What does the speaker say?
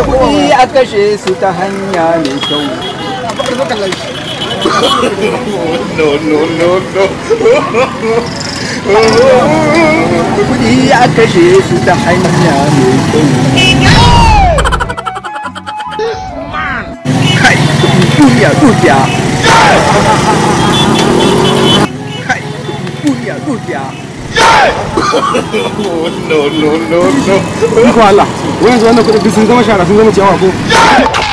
kuɗi a kashe su ta hanya mai kyau. No, no, no, no. Kuɗi a kashe su ta hanya mai kyau. Kai, duniya, duniya. Kai, duniya, duniya. No, no, no, no. Ni ko yanzu wannan kuɗin sun zama shara sun zama ciyawa ko